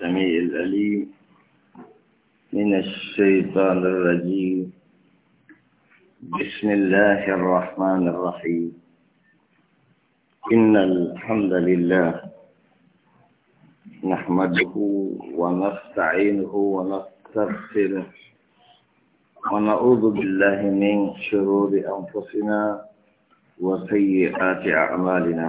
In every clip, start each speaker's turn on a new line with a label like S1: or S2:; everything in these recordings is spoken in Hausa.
S1: السميع الأليم من الشيطان الرجيم بسم الله الرحمن الرحيم إن الحمد لله نحمده ونستعينه ونستغفره ونعوذ بالله من شرور أنفسنا وسيئات أعمالنا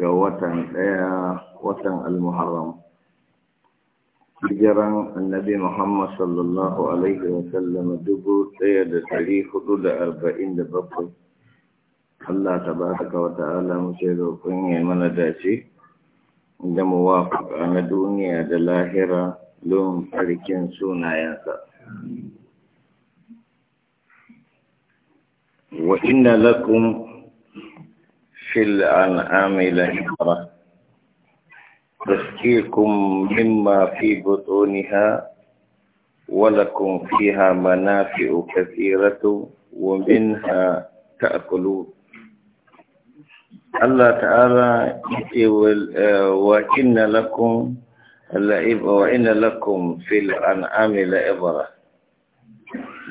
S1: ga watan ɗaya watan al-muharram hijiran annabi muhammad sallallahu alaihi wa sallam dubu ɗaya da ɗari hudu da arba'in da bakwai Allah ta baraka wa ta'ala muke roƙon ya mana dace da mu wafaka na duniya da lahira don farkin sunayensa. Wa inna lakum في الأنعام لعبرة تسقيكم مما في بطونها ولكم فيها منافع كثيرة ومنها تأكلون الله تعالى وإن لكم وإن لكم في الأنعام لعبرة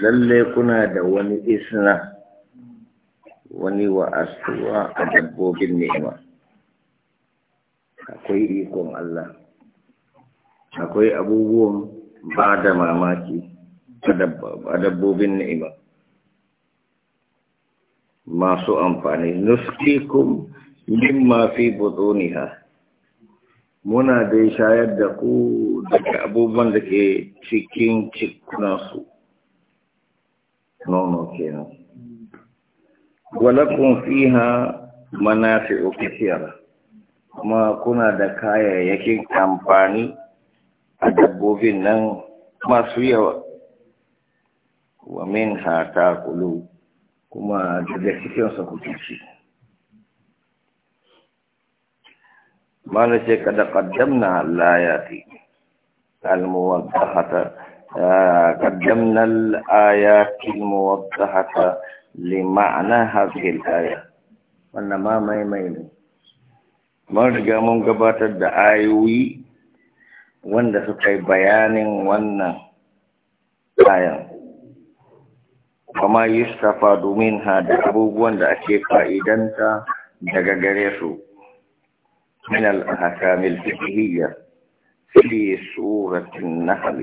S1: للي كنا دون إسنا wani wa asuwa a dabbobin nema, akwai ikon Allah akwai abubuwan ba da mamaki a dabbobin nema. masu amfani mafi mimma fi ha. muna dai shayar da ku daga abubuwan da ke cikin cikunansu nono kenan walakun fiha manafi'u kathira kuma kuna da kayayyakin amfani a dabbobin nan masu yawa wa minha taqulu kuma daga cikin su kuke ci mana kada qaddamna al-ayati al-muwaddahata qaddamna al-ayati al-muwaddahata lima'ana hazihil aya wannan ma maimai ne mun riga mun gabatar da ayoyi wanda suka yi bayanin wannan ayan kama yustafa domin ha da abubuwan da ake fa'idanta daga gare su min al-ahkamil fiqhiyya fi suratin nahl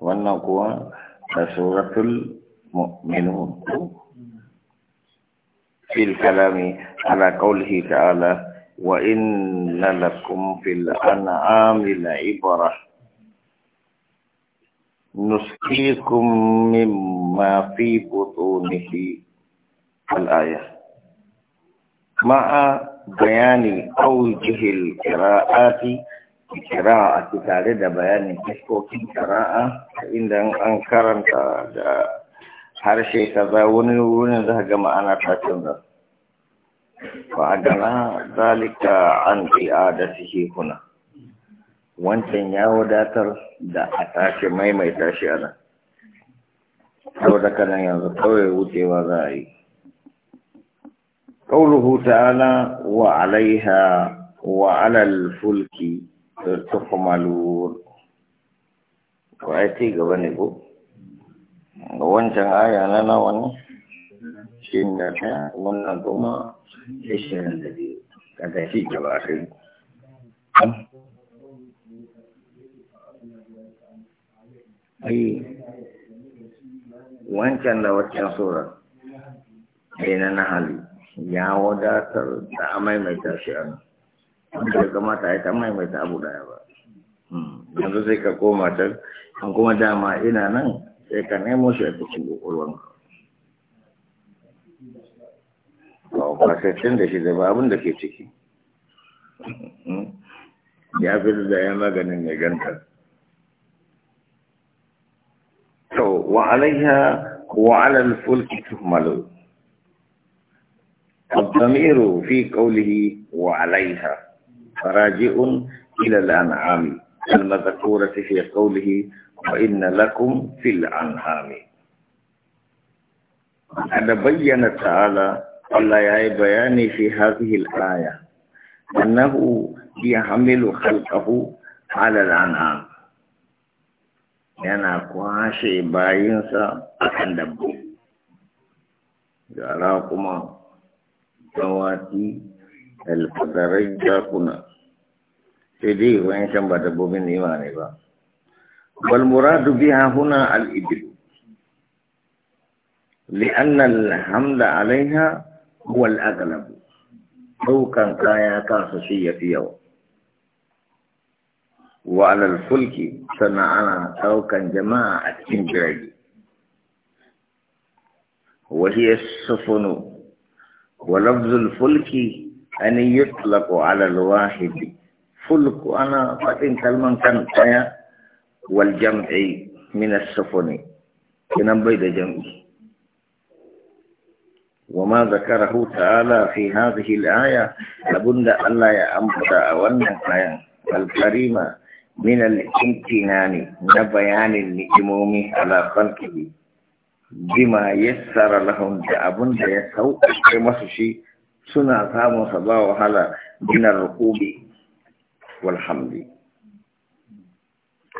S1: wannan kuwa da suratul mukminun fil kalami ala qaulihi ta'ala wa inna lakum fil an'ami la ibrah nuskikum mimma fi butunihi al ayah ma'a bayani aujihil kiraati kiraati tare da bayani kiskokin kiraa indan an karanta da harshe kaza wani wurin za ga ma'ana ta canza a gana zalika an da suke kuna. wancan ya wadatar da a tashi maimaita shi ana. sau da kanan yanzu kawai wucewa za a yi wa Fulki قوله تعالى Wa ya ce gaba ne ko wancan aya na nawa ne shin da ta wannan kuma ishirin da biyu ka tafi gaba sai ai wancan da wancan sura ɗaya na hali. ya wadatar da a maimaita shi a wanda ya kamata ya ta maimaita abu daya ba hmm, yanzu sai ka koma can kuma dama ina nan Ya kan emosi itu sungguh ulang. Kalau kasetin dari situ bangun dari sini. Ya bila dia makan yang negantar. So, wa alaiha wa ala al-fulk tuhmalu. Al-damiru fi qawlihi wa alaiha. Faraji'un ila al-an'ami. المذكورة في قوله وإن لكم في الأنعام أنا بين تعالى الله يعي بياني في هذه الآية أنه يحمل خلقه على الأنعام yana kwashe bayinsa a kan dabbo gara kuma dawaki alfadarai jakuna jadi dai wayan can lima ni pak wal muradu biha huna al ibil لأن الحمل عليها هو الأغلب لو كان كايا كاسوسية يوم وعلى الفلك صنعنا أو كان جماعة جرعي وهي السفن ولفظ الفلك أن يطلق على الواحد fulku ana faɗin kalman kan ɗaya wal jam'i min as-safuni kinan bai da jam'i wa ma zakarahu ta'ala fi hadhihi al-aya labunda Allah ya ambata a wannan ayan al-karima min al na bayanin ni'imomi ala khalqihi bima yassara lahum da abunda ya sauƙaƙe masu shi suna samun sa ba wahala min ar والحمد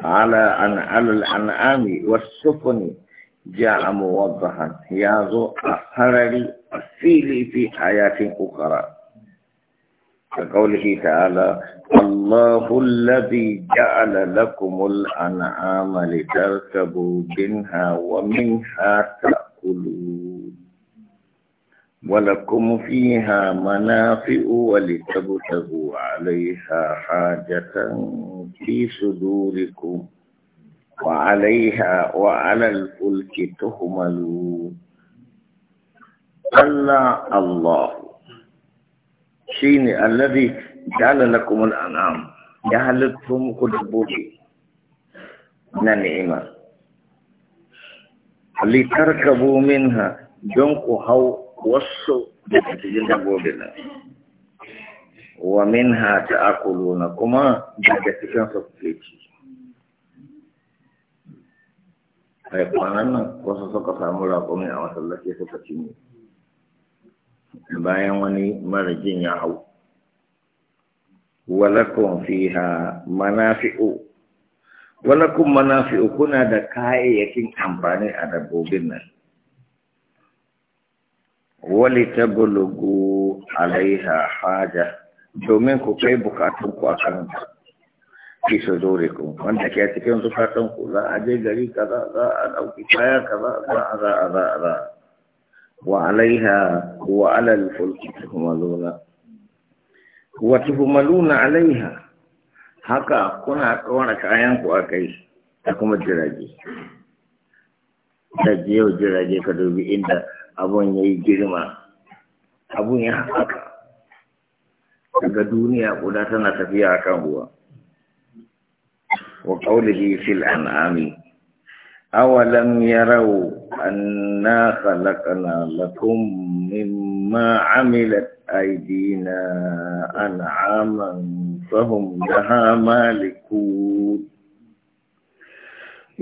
S1: على أن على الأنعام والسفن جاء موضحا يا ذو أحرر الفيل في آيات أخرى كقوله تعالى الله الذي جعل لكم الأنعام لتركبوا منها ومنها تأكلون ولكم فيها منافع ولتبتغوا عليها حاجة في صدوركم وعليها وعلى الفلك تهملون ألا الله شين الذي جعل لكم الأنعام جعلتكم قدبوكي نعمة لتركبوا منها جنك هو wasu daga cikin dabbobin nan wa min ha minha na kuma daga cikin su kuke ci kai kwanan nan wasu suka samu raƙumi a masallaci suka cinye bayan wani marajin ya hau walakun fiha manafi'u walakun manafi'u kuna da kayayyakin amfani a dabbobin nan Wali ta bulugu alaiha Haja. domin ku kai bukatunku a kan fi ku wanda ke cikin ku za a je gari kaza za a ɗauki kaya kaza za a za a za a za wa alaiha wa alal fulki Tuhumaluna. wa Tuhumaluna alaiha haka kuna kawana kayanku a kai da kuma jirage da yau jirage ka dubi inda abun ya yi girma abun ya haɓaka daga duniya guda tana tafiya a kan ruwa wa ƙaunaji fil an'ami awalam yarau anna khalaqna lakum mimma amilat na an'aman fahim da hama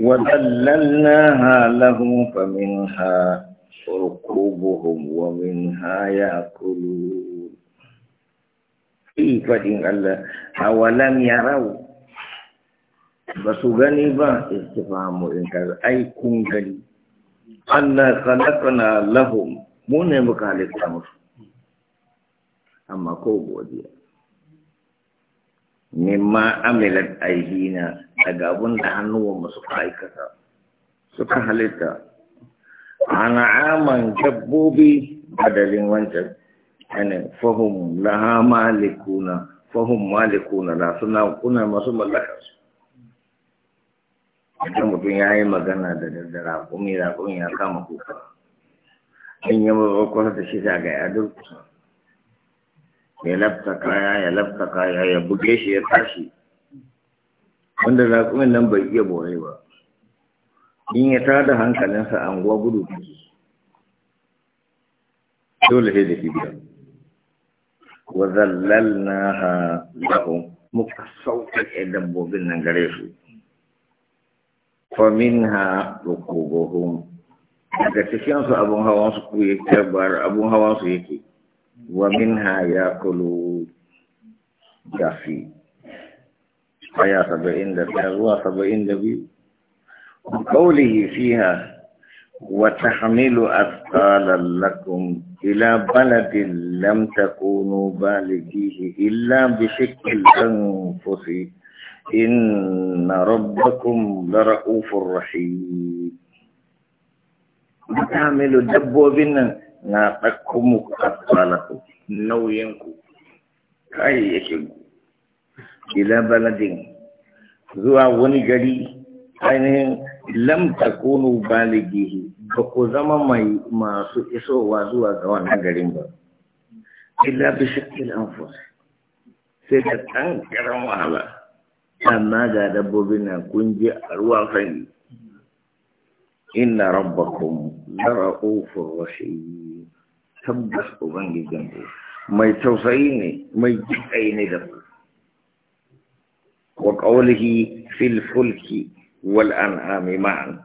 S1: وذللناها لهم فمنها rukubuhum wa minha yakulun ifadin Allah awalam yarau ba su gani ba istifamu in ka ai kun gani anna khalaqna lahum mu ne mu kalita musu amma ko godiya mimma amilat aihina daga abun da hannuwan suka aikata suka halitta Ana aman dabbobi badalin wancan ana fahim laha malikuna fahim malikuna la suna kuna masu mallaka su idan mutum ya yi magana da daddara kuma ya kuma ya kama kuka in yi mabakwar da shi ga ya durkusa ya lafta kaya ya lafta kaya ya buge shi ya tashi wanda kuma nan bai iya borewa ba in ya tada hankalinsa anguwa gudu take dole sai da kibiya wa zallalnaha lahum muka sauƙaƙe dabbobin nan gare su faminha rukubuhum daga cikinsu abun hawansu ku ya bar abin hawansu yake wa minha yakulu jafi ya saba'in da zuwa saba'in da biyu قوله فيها وتحمل أثقالا لكم إلى بلد لم تكونوا بالغيه إلا بشق الأنفس إن ربكم لرؤوف رحيم وتحمل دبوبنا نعطكم أثقالكم نوينكم كايكم إلى بلد zuwa wani gari ainihin lam takunu baligihi ba ku zama mai masu isowa zuwa ga wannan garin ba illa bi shakkil anfus sai da ɗan karan wahala amma ga dabbobi na kun je a ruwa fani inna rabbakum la ra'ufur rahim tabbas ubangijin ku mai tausayi ne mai jikai ne da ku wa qawlihi fil fulki والأنعام معا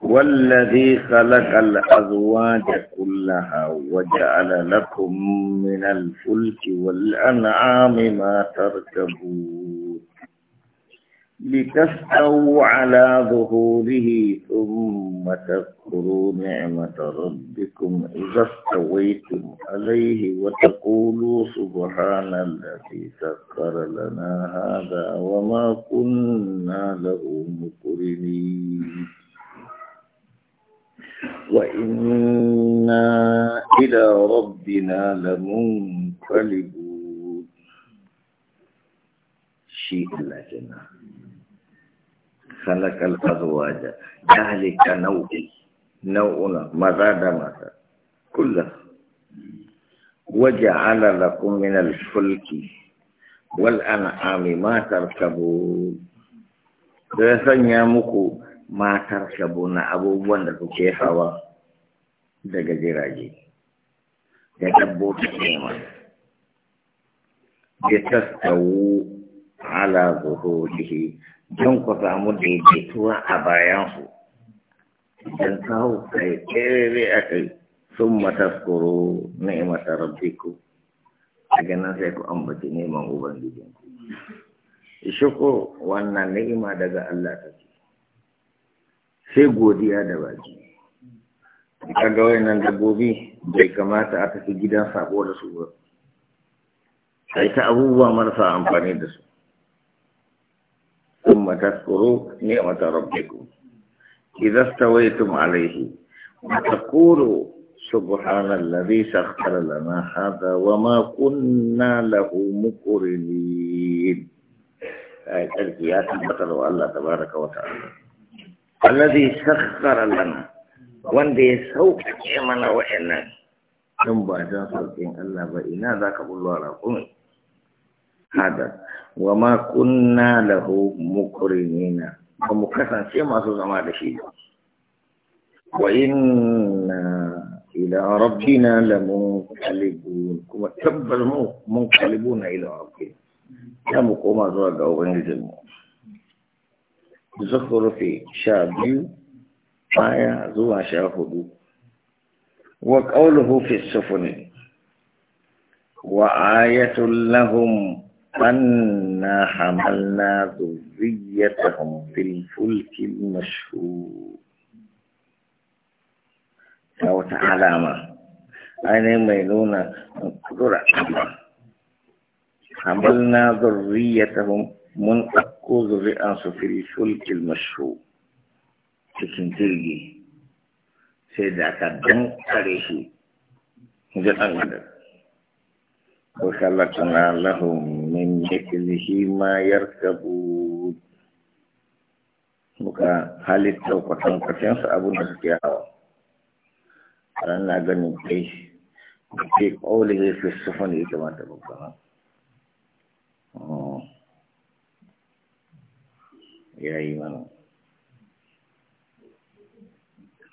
S1: والذي خلق الأزواج كلها وجعل لكم من الفلك والأنعام ما تركبون لتستووا على ظهوره ثم تذكروا نعمة ربكم إذا استويتم عليه وتقولوا سبحان الذي سخر لنا هذا وما كنا له مقرنين وإنا إلى ربنا لمنقلبون شيء لا جناه khalaqal azwaja dalika nau'i nau'una maza da mata kullu waja'ala lakum min al-fulki wal an'ami ma tarkabu da sanya muku ma tarkabu na abubuwan da kuke hawa daga jirage da dabbobi kuma, ya tastawu ala zuhurihi don ku samu daidaituwa a bayansu don kawo kai tsere eh, eh, a kai eh, sun mataskoro ni'imata rabbiku daga nan sai ku ambaci neman ubangijinku ko wannan ni'ima daga Allah ta ce sai godiya da baki wani nan, dabbobi bai kamata a tafi gidan sako da su ba sai ta abubuwa marasa amfani da su ثم تذكروا نعمة ربكم إذا استويتم عليه وتقولوا سبحان الذي سخر لنا هذا وما كنا له مقرنين آية الكيات آية البطل الله تبارك وتعالى الذي سخر لنا وندي سوق إيمانا وإنا ثم بعد سوقين الله بإنا ذاك الله رقمي هذا وما كنا له مكرمين ومكسن سيما ما لشيء وإنا إلى ربنا لمنقلبون كما تبر منقلبون إلى ربنا كما كما زوج أو غنزم زخر في شابيو آية زوا شاهدو وقوله في السفن وآية لهم أنا حملنا ذريتهم في الفلك المشهور أو تعلم أنا ميلونا قدرة حملنا ذريتهم من أقوذ رئاس في الفلك المشهور تكن تلقي سيدا تدن تريشي dankare shi وخلقنا لهم min مثله ma يركبون muka halitta kwatankwacin su abun da suke hawa ran na ganin kai ke kawai ya fi sufan da ya kamata oh. ya yi mana